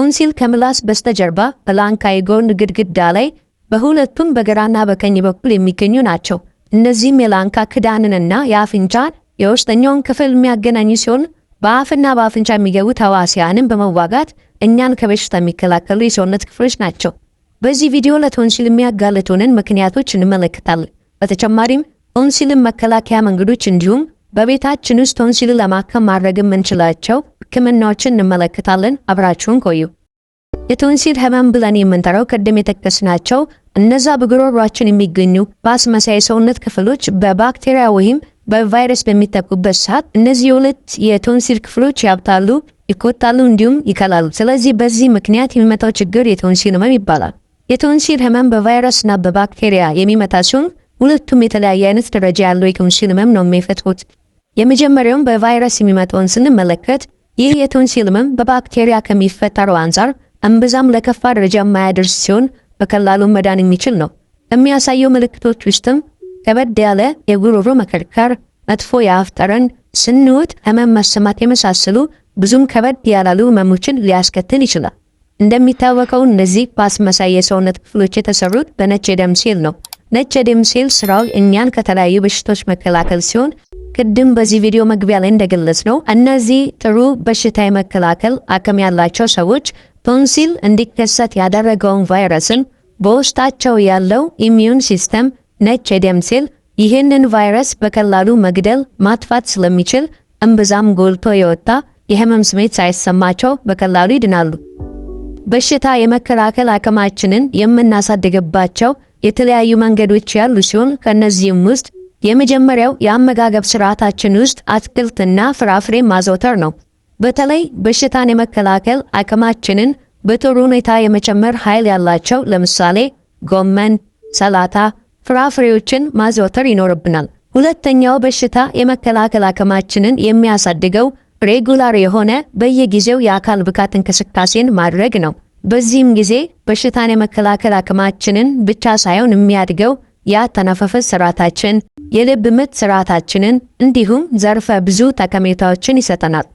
ኦንሲል ከምላስ በስተጀርባ በላንካ የጎን ግድግዳ ላይ በሁለቱም በግራና በቀኝ በኩል የሚገኙ ናቸው። እነዚህም የላንካ ክዳንንና የአፍንጫን የውስጠኛውን ክፍል የሚያገናኙ ሲሆን በአፍና በአፍንጫ የሚገቡ ተዋሲያንን በመዋጋት እኛን ከበሽታ የሚከላከሉ የሰውነት ክፍሎች ናቸው። በዚህ ቪዲዮ ለቶንሲል የሚያጋለጡንን ምክንያቶች እንመለከታለን። በተጨማሪም ቶንሲልን መከላከያ መንገዶች እንዲሁም በቤታችን ውስጥ ቶንሲልን ለማከም ማድረግ የምንችላቸው ህክምናዎችን እንመለከታለን። አብራችሁን ቆዩ። የቶንሲል ህመም ብለን የምንጠራው ቅድም የጠቀስናቸው እነዛ በጉሮሯችን የሚገኙ በአስመሳይ ሰውነት ክፍሎች በባክቴሪያ ወይም በቫይረስ በሚጠቁበት ሰዓት እነዚህ የሁለት የቶንሲል ክፍሎች ያብታሉ፣ ይኮታሉ፣ እንዲሁም ይከላሉ። ስለዚህ በዚህ ምክንያት የሚመጣው ችግር የቶንሲል ህመም ይባላል። የቶንሲል ህመም በቫይረስና በባክቴሪያ የሚመጣ ሲሆን ሁለቱም የተለያየ አይነት ደረጃ ያለው የቶንሲል ህመም ነው የሚፈጥሩት። የመጀመሪያውም በቫይረስ የሚመጣውን ስንመለከት ይህ የቶንሲል በባክቴሪያ ከሚፈጠረው አንጻር እምብዛም ለከፋ ደረጃ የማያደርስ ሲሆን በቀላሉ መዳን የሚችል ነው። በሚያሳየው ምልክቶች ውስጥም ከበድ ያለ የጉሮሮ መከርከር፣ መጥፎ የአፍ ጠረን፣ ስንወት ህመም መሰማት የመሳሰሉ ብዙም ከበድ ያላሉ ህመሞችን ሊያስከትል ይችላል። እንደሚታወቀው እነዚህ ኳስ መሳይ የሰውነት ክፍሎች የተሰሩት በነጭ የደም ሴል ነው። ነጭ የደም ሴል ስራው እኛን ከተለያዩ በሽታዎች መከላከል ሲሆን ቅድም በዚህ ቪዲዮ መግቢያ ላይ እንደገለጽ ነው እነዚህ ጥሩ በሽታ የመከላከል አቅም ያላቸው ሰዎች ቶንሲል እንዲከሰት ያደረገውን ቫይረስን በውስጣቸው ያለው ኢሚዩን ሲስተም ነጭ የደም ሴል ይህንን ቫይረስ በቀላሉ መግደል ማጥፋት ስለሚችል እምብዛም ጎልቶ የወጣ የህመም ስሜት ሳይሰማቸው በቀላሉ ይድናሉ። በሽታ የመከላከል አቅማችንን የምናሳድግባቸው የተለያዩ መንገዶች ያሉ ሲሆን ከእነዚህም ውስጥ የመጀመሪያው የአመጋገብ ስርዓታችን ውስጥ አትክልትና ፍራፍሬ ማዘውተር ነው። በተለይ በሽታን የመከላከል አቅማችንን በጥሩ ሁኔታ የመጨመር ኃይል ያላቸው ለምሳሌ ጎመን፣ ሰላታ ፍራፍሬዎችን ማዘውተር ይኖርብናል። ሁለተኛው በሽታ የመከላከል አቅማችንን የሚያሳድገው ሬጉላር የሆነ በየጊዜው የአካል ብቃት እንቅስቃሴን ማድረግ ነው። በዚህም ጊዜ በሽታን የመከላከል አቅማችንን ብቻ ሳይሆን የሚያድገው የአተነፋፈስ ስርዓታችን የልብ ምት ስርዓታችንን እንዲሁም ዘርፈ ብዙ ጠቀሜታዎችን ይሰጠናል።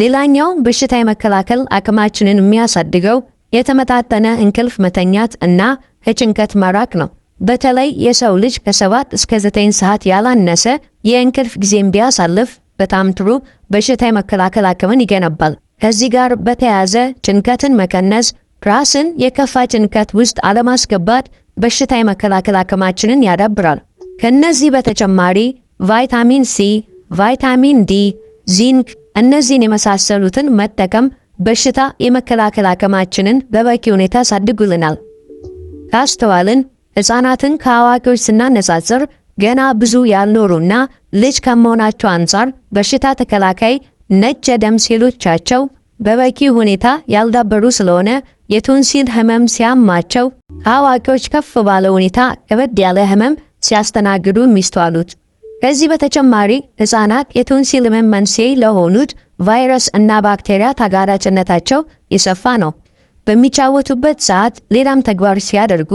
ሌላኛው በሽታ የመከላከል አቅማችንን የሚያሳድገው የተመጣጠነ እንቅልፍ መተኛት እና ከጭንቀት መራቅ ነው። በተለይ የሰው ልጅ ከሰባት እስከ ዘጠኝ ሰዓት ያላነሰ የእንቅልፍ ጊዜም ቢያሳልፍ በጣም ጥሩ በሽታ የመከላከል አቅምን ይገነባል። ከዚህ ጋር በተያያዘ ጭንቀትን መቀነስ፣ ራስን የከፋ ጭንቀት ውስጥ አለማስገባት በሽታ የመከላከል አቅማችንን ያዳብራል። ከእነዚህ በተጨማሪ ቫይታሚን ሲ፣ ቫይታሚን ዲ፣ ዚንክ እነዚህን የመሳሰሉትን መጠቀም በሽታ የመከላከል አቅማችንን በበቂ ሁኔታ ያሳድጉልናል። ካስተዋልን ሕፃናትን ከአዋቂዎች ስናነጻጽር ገና ብዙ ያልኖሩና ልጅ ከመሆናቸው አንጻር በሽታ ተከላካይ ነጭ የደም ሴሎቻቸው በበቂ ሁኔታ ያልዳበሩ ስለሆነ የቶንሲል ህመም ሲያማቸው ከአዋቂዎች ከፍ ባለ ሁኔታ ከበድ ያለ ህመም ሲያስተናግዱ የሚስተዋሉት። ከዚህ በተጨማሪ ሕፃናት የቶንሲል ህመም መንስኤ ለሆኑት ቫይረስ እና ባክቴሪያ ተጋላጭነታቸው የሰፋ ነው። በሚጫወቱበት ሰዓት ሌላም ተግባር ሲያደርጉ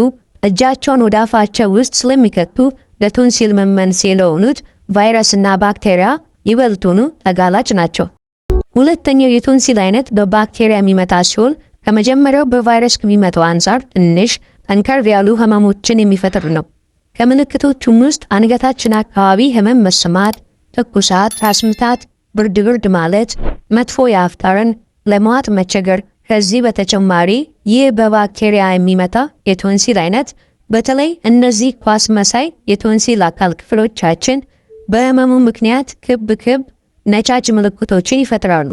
እጃቸውን ወደ አፋቸው ውስጥ ስለሚከቱ ለቶንሲል ህመም መንስኤ ለሆኑት እና ባክቴሪያ ይበልጡኑ ተጋላጭ ናቸው። ሁለተኛው የቶንሲል አይነት በባክቴሪያ የሚመታ ሲሆን ከመጀመሪያው በቫይረስ ከሚመታው አንጻር ትንሽ ጠንከር ያሉ ህመሞችን የሚፈጥር ነው። ከምልክቶቹም ውስጥ አንገታችን አካባቢ ህመም መሰማት፣ ትኩሳት፣ ራስ ምታት፣ ብርድ ብርድ ማለት፣ መጥፎ የአፍ ጠረን፣ ለመዋጥ መቸገር። ከዚህ በተጨማሪ ይህ በባክቴሪያ የሚመጣ የቶንሲል አይነት በተለይ እነዚህ ኳስ መሳይ የቶንሲል አካል ክፍሎቻችን በህመሙ ምክንያት ክብ ክብ ነጫጭ ምልክቶችን ይፈጥራሉ።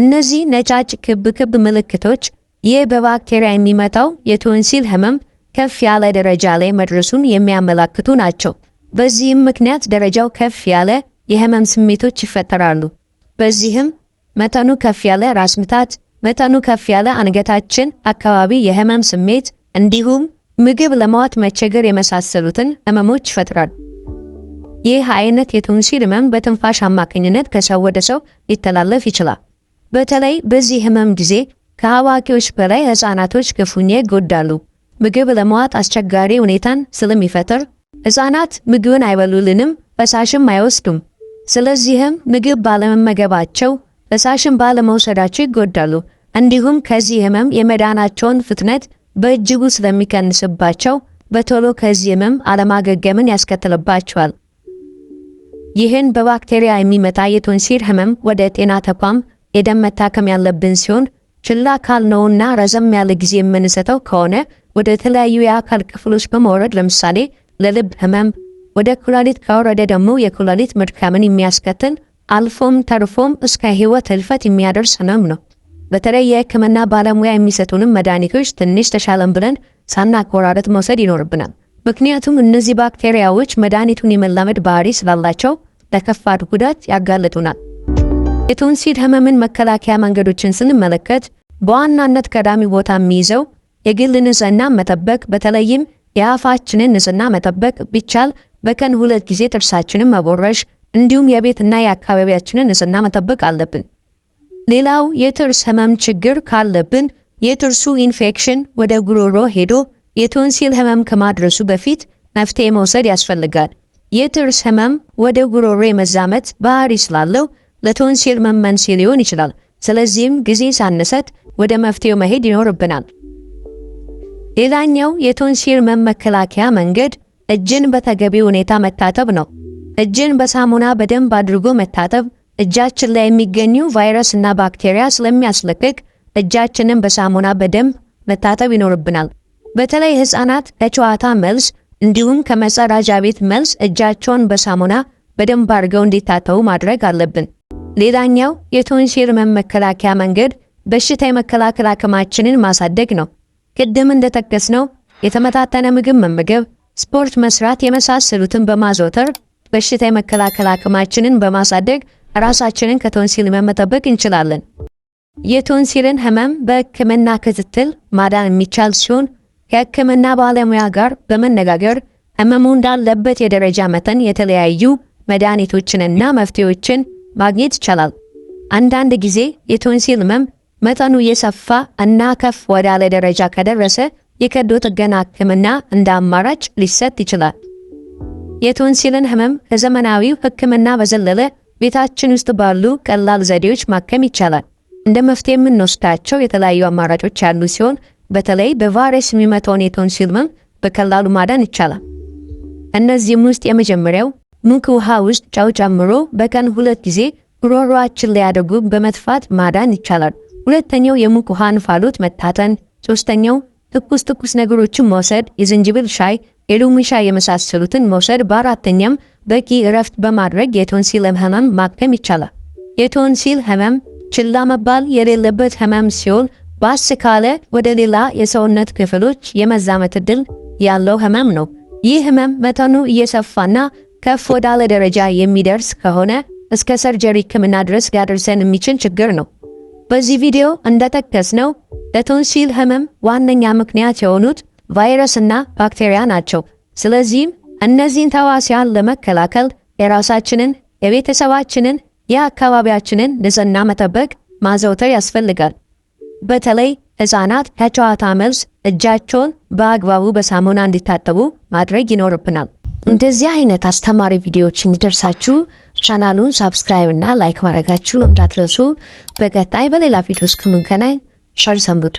እነዚህ ነጫጭ ክብ ክብ ምልክቶች ይህ በባክቴሪያ የሚመጣው የቶንሲል ህመም ከፍ ያለ ደረጃ ላይ መድረሱን የሚያመላክቱ ናቸው። በዚህም ምክንያት ደረጃው ከፍ ያለ የህመም ስሜቶች ይፈጠራሉ። በዚህም መጠኑ ከፍ ያለ ራስ ምታት፣ መጠኑ ከፍ ያለ አንገታችን አካባቢ የህመም ስሜት እንዲሁም ምግብ ለማዋት መቸገር የመሳሰሉትን ህመሞች ይፈጥራል። ይህ አይነት የቶንሲል ህመም በትንፋሽ አማካኝነት ከሰው ወደ ሰው ሊተላለፍ ይችላል። በተለይ በዚህ ህመም ጊዜ ከአዋቂዎች በላይ ህፃናቶች ክፉኛ ይጎዳሉ። ምግብ ለመዋጥ አስቸጋሪ ሁኔታን ስለሚፈጥር ሕፃናት ምግብን አይበሉልንም፣ ፈሳሽም አይወስዱም። ስለዚህም ምግብ ባለመመገባቸው ፈሳሽን ባለመውሰዳቸው ይጎዳሉ። እንዲሁም ከዚህ ህመም የመዳናቸውን ፍጥነት በእጅጉ ስለሚቀንስባቸው በቶሎ ከዚህ ህመም አለማገገምን ያስከትልባቸዋል። ይህን በባክቴሪያ የሚመጣ የቶንሲል ህመም ወደ ጤና ተቋም የደመታከም መታከም ያለብን ሲሆን ችላ ካልነውና ረዘም ያለ ጊዜ የምንሰጠው ከሆነ ወደ ተለያዩ የአካል ክፍሎች በመውረድ ለምሳሌ ለልብ ህመም፣ ወደ ኩላሊት ከወረደ ደግሞ የኩላሊት መድካምን የሚያስከትል አልፎም ተርፎም እስከ ህይወት ህልፈት የሚያደርስ ህመም ነው። በተለይ የህክምና ባለሙያ የሚሰጡንም መድኃኒቶች ትንሽ ተሻለን ብለን ሳናቆራረጥ መውሰድ ይኖርብናል። ምክንያቱም እነዚህ ባክቴሪያዎች መድኃኒቱን የመላመድ ባህሪ ስላላቸው ለከፋድ ጉዳት ያጋልጡናል። የቶንሲል ህመምን መከላከያ መንገዶችን ስንመለከት በዋናነት ቀዳሚ ቦታ የሚይዘው የግል ንጽህና መጠበቅ በተለይም የአፋችንን ንጽህና መጠበቅ ቢቻል በቀን ሁለት ጊዜ ጥርሳችንን መቦረሽ እንዲሁም የቤትና የአካባቢያችንን ንጽህና መጠበቅ አለብን። ሌላው የጥርስ ህመም ችግር ካለብን የጥርሱ ኢንፌክሽን ወደ ጉሮሮ ሄዶ የቶንሲል ህመም ከማድረሱ በፊት መፍትሄ መውሰድ ያስፈልጋል። የጥርስ ህመም ወደ ጉሮሮ የመዛመት ባህሪ ስላለው ለቶንሲል መመንሲ ሊሆን ይችላል። ስለዚህም ጊዜ ሳንሰጥ ወደ መፍትሄው መሄድ ይኖርብናል። ሌላኛው የቶንሲል መመከላከያ መንገድ እጅን በተገቢ ሁኔታ መታጠብ ነው። እጅን በሳሙና በደንብ አድርጎ መታጠብ እጃችን ላይ የሚገኙ ቫይረስ እና ባክቴሪያ ስለሚያስለቅቅ እጃችንን በሳሙና በደንብ መታጠብ ይኖርብናል። በተለይ ሕፃናት ከጨዋታ መልስ እንዲሁም ከመጸዳጃ ቤት መልስ እጃቸውን በሳሙና በደንብ አድርገው እንዲታጠቡ ማድረግ አለብን። ሌላኛው የቶንሲል መመከላከያ መንገድ በሽታ የመከላከል አቅማችንን ማሳደግ ነው። ቅድም እንደተከስ ነው የተመጣጠነ ምግብ መመገብ፣ ስፖርት መስራት የመሳሰሉትን በማዘውተር በሽታ የመከላከል አቅማችንን በማሳደግ ራሳችንን ከቶንሲል መጠበቅ እንችላለን። የቶንሲልን ህመም በህክምና ክትትል ማዳን የሚቻል ሲሆን ከህክምና ባለሙያ ጋር በመነጋገር ህመሙ እንዳለበት የደረጃ መጠን የተለያዩ መድኃኒቶችንና መፍትሄዎችን ማግኘት ይቻላል። አንዳንድ ጊዜ የቶንሲል ህመም መጠኑ የሰፋ እና ከፍ ወዳለ ደረጃ ከደረሰ የቀዶ ጥገና ሕክምና እንደ አማራጭ ሊሰጥ ይችላል። የቶንሲልን ህመም ከዘመናዊው ሕክምና በዘለለ ቤታችን ውስጥ ባሉ ቀላል ዘዴዎች ማከም ይቻላል። እንደ መፍትሄ የምንወስዳቸው የተለያዩ አማራጮች ያሉ ሲሆን በተለይ በቫይረስ የሚመታውን የቶንሲል ህመም በቀላሉ ማዳን ይቻላል። እነዚህም ውስጥ የመጀመሪያው ሙቅ ውሃ ውስጥ ጨው ጨምሮ በቀን ሁለት ጊዜ ጉሮሯችን ላይ አድርጎ በመትፋት ማዳን ይቻላል። ሁለተኛው የሙቅ ውሃ እንፋሎት መታጠን፣ ሶስተኛው ትኩስ ትኩስ ነገሮችን መውሰድ የዝንጅብል ሻይ፣ የሎሚ ሻይ የመሳሰሉትን መውሰድ። በአራተኛም በቂ እረፍት በማድረግ የቶንሲል ህመም ማከም ይቻላል። የቶንሲል ህመም ችላ መባል የሌለበት ህመም ሲሆን ባስ ካለ ወደ ሌላ የሰውነት ክፍሎች የመዛመት እድል ያለው ህመም ነው። ይህ ህመም መጠኑ እየሰፋና ከፍ ወዳለ ደረጃ የሚደርስ ከሆነ እስከ ሰርጀሪ ህክምና ድረስ ሊያደርሰን የሚችል ችግር ነው። በዚህ ቪዲዮ እንደጠቀስነው ለቶንሲል ህመም ዋነኛ ምክንያት የሆኑት ቫይረስና ባክቴሪያ ናቸው። ስለዚህም እነዚህን ተዋሲያን ለመከላከል የራሳችንን፣ የቤተሰባችንን፣ የአካባቢያችንን ንጽህና መጠበቅ ማዘውተር ያስፈልጋል። በተለይ ህፃናት ከጨዋታ መልስ እጃቸውን በአግባቡ በሳሙና እንዲታጠቡ ማድረግ ይኖርብናል። እንደዚህ አይነት አስተማሪ ቪዲዮዎች እንዲደርሳችሁ ቻናሉን ሳብስክራይብ እና ላይክ ማድረጋችሁ እንዳትረሱ። በቀጣይ በሌላ ቪዲዮ እስክንገናኝ ቸር ሰንብቱ።